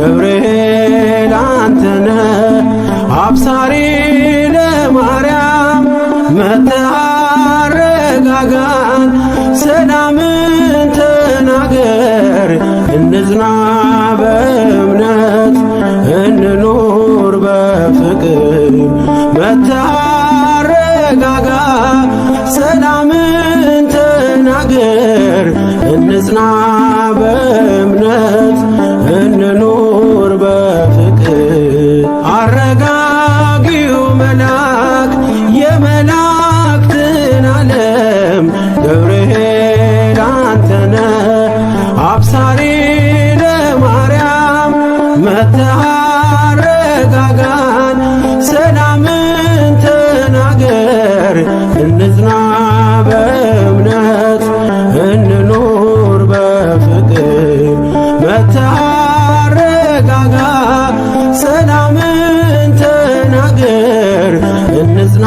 ገብርኤል አንተነ አብሳሪ ለማርያም መተአረጋጋን ሰላምን ተናገር እንጽና በእምነት እንኑር በፍቅር መተአረጋጋ ሰላምን ተናገር እንጽና መተረጋጋን ሰላምን ተናገር እንጽና በእምነት እንኖር በፍቅር መተረጋጋ ሰላምን ተናገር እንጽና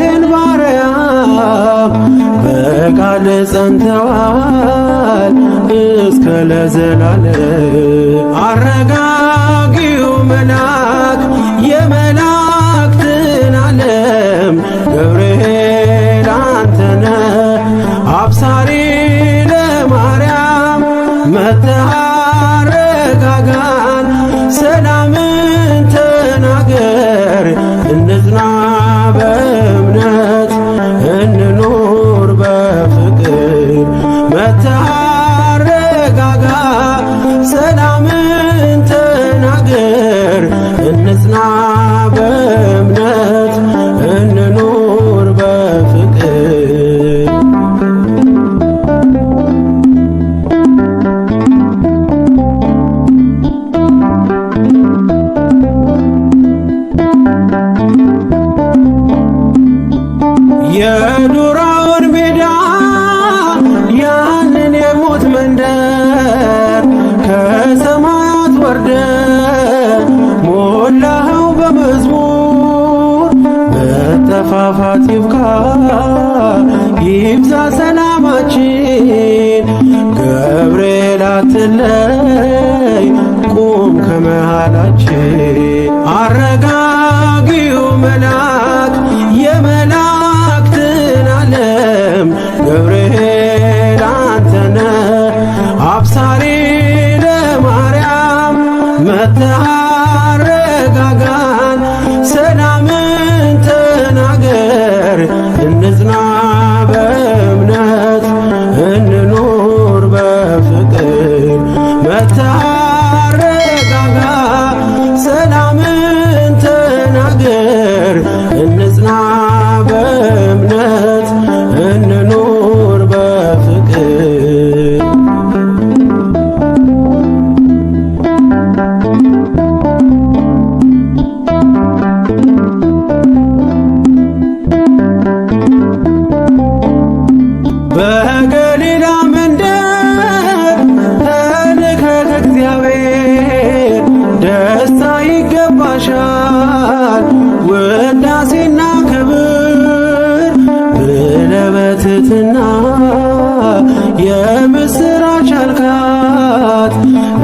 የእግዚአብሔርን ባሪያ በቃል ጸንተዋል እስከ ለዘላለም። አረጋጊው መልአክ የመላእክትን ዓለም ገብርኤል አንተነ አብሳሪ ለማርያም መተሃረጋጋ መጠፋፋት ይብቃ፣ ይብዛ ሰላማችን ገብርኤል አትለይ ይገባል ውዳሴና ክብር ብለ በትትና የምስራች አልካት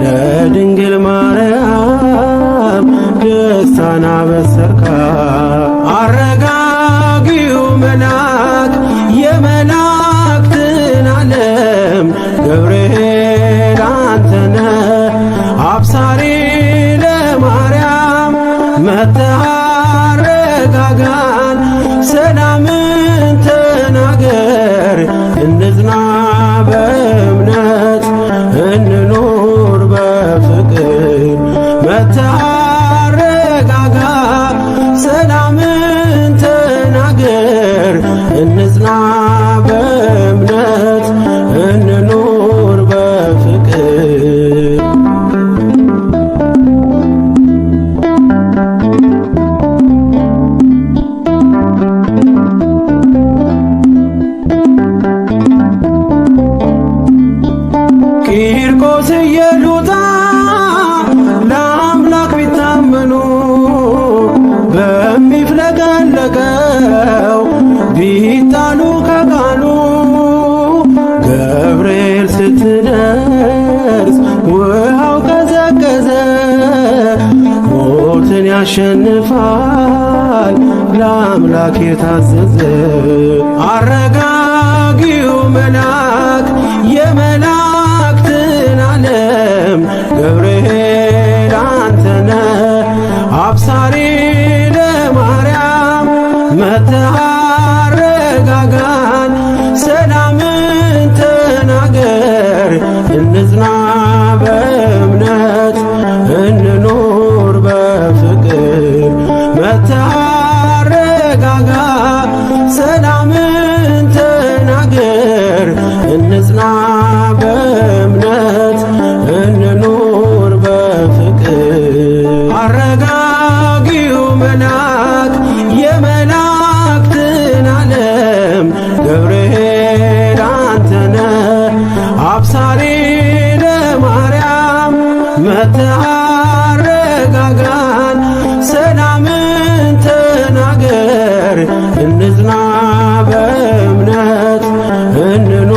ለድንግል ማርያም ደስታን አበሰርካት መተረጋጋን ሰላምን ተናገር እንዝና በም መንገድ ስትደርስ ውሃው ቀዘቀዘ። ሞትን ያሸንፋል ለአምላክ የታዘዘ አረጋጊው መልአክ የመላእክትን ዓለም ገብርኤል አንተነ አብሳሪ ለማርያም መተሃረጋጋን እንጽና በእምነት እንኖር በፍቅር መታ አታረጋጋን፣ ሰላምን ተናገር፣ እንጽና በእምነት